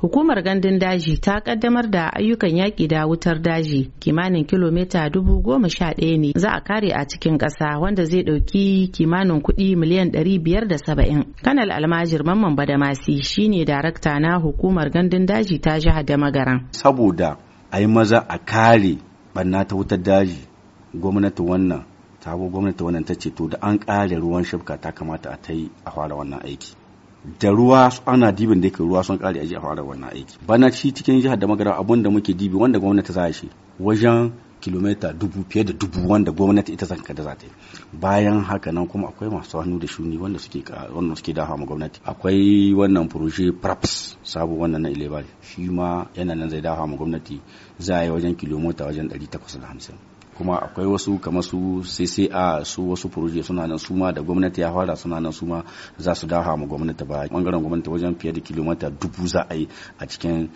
Hukumar gandun daji ta kaddamar da ayyukan yaƙi da wutar daji kimanin kilomita dubu goma sha ɗaya ne za a kare a cikin ƙasa wanda zai ɗauki kimanin kuɗi miliyan ɗari biyar da saba'in. Kanal Almajir Mamman Badamasi shine darakta na hukumar gandun daji ta jihar da magaran. Saboda a yi maza a kare ɓanna ta wutar daji gwamnati wannan tabo gwamnati wannan ta ce to da an ƙare ruwan shafka ta kamata a ta yi a fara wannan aiki. da ruwa ana dibin da ke ruwa sun kare aji a fara wannan aiki bana shi cikin jihar da magana abun da muke dibi wanda gwamnati za shi wajen kilomita dubu fiye da dubu wanda gwamnati ita zanka da za ta yi bayan haka nan kuma akwai masu hannu da shuni wanda suke wanda suke dafa ma gwamnati akwai wannan proje praps sabu wannan na ilebal shi ma yana nan zai dafa ma gwamnati za a yi wajen kilomita wajen hamsin. kuma akwai wasu kamar su CCA su wasu proje suna nan suma da gwamnati ya fara suna nan suma za su dawo mu gwamnati ba bangaren gwamnati wajen fiye da kilomita dubu za a yi a cikin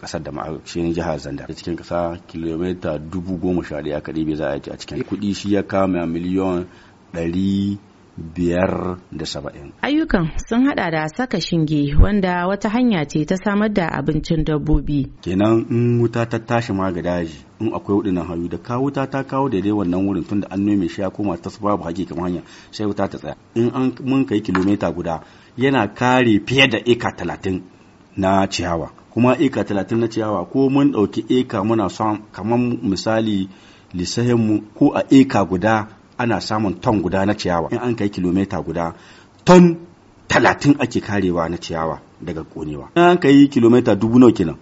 kasar eh, da ma'aikacin jihar a cikin kasa kilomita dubu goma sha daya kaɗai bai za a yi a cikin kuɗi shi ya kama miliyan ɗari biyar da saba'in. Ayyukan sun hada da saka shinge wanda wata hanya ce ta samar da abincin dabbobi. Kenan in wuta ta tashi ma ga daji in akwai waɗannan hayu da ka wuta ta kawo daidai wannan wurin tunda an nome shi ya koma ta babu haƙi kamar hanya sai wuta ta tsaya. In an mun kai kilomita guda yana kare fiye da eka talatin na ciyawa. Kuma eka talatin na ciyawa ko mun ɗauki eka muna son kamar misali lissahinmu ko a eka guda ana samun ton guda na ciyawa in an kai kilomita guda ton talatin ake karewa na ciyawa daga konewa in an kai kilomita dubu nawa kenan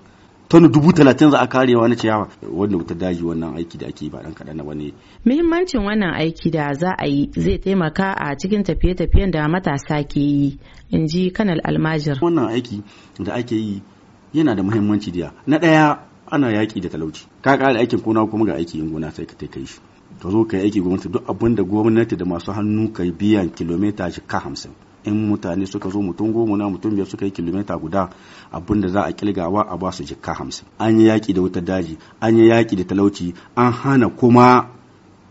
ton dubu talatin za a karewa na ciyawa wanda wuta daji wannan aiki da ake ba dan kaɗan na wani. muhimmancin wannan aiki da za a yi zai taimaka a cikin tafiye-tafiyen da matasa ke yi in ji kanal almajir. wannan aiki da ake yi yana da muhimmanci da na ɗaya ana yaƙi da talauci ka ƙara aikin gona kuma ga aikin gona sai ka kai shi ta zo ka yi aiki gwamnati duk abin da gwamnati da masu hannu ka biyan kilomita ka hamsin in mutane suka zo mutum goma na mutum biyar suka yi kilomita guda abin za a kilgawa a ba su jikka hamsin an yi yaƙi da wutar daji an yi yaƙi da talauci an hana kuma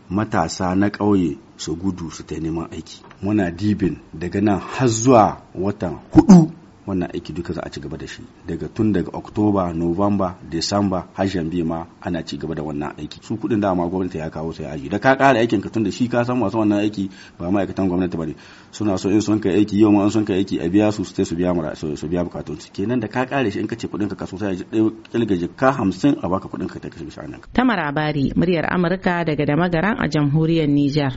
matasa na ƙauye su gudu su ta neman aiki muna dibin daga nan har zuwa watan hudu wannan aiki duka za a ci gaba da shi daga tun daga oktoba novamba desamba har janbi ma ana ci gaba da wannan aiki su kuɗin ma gwamnati ya kawo sai aji da ka ƙara aikin ka tun da shi ka san masu wannan aiki ba ma'aikatan gwamnati ba ne suna so in sun kai aiki yau ma in sun kai aiki a biya su sai su biya mura su biya bukatun su kenan da ka ƙare shi in ka ce kuɗin ka kaso sai ya kilgaje ka hamsin a baka kuɗin ka ta kashe tamara bari muryar Amurka daga Damagaran a jamhuriyar Nijar.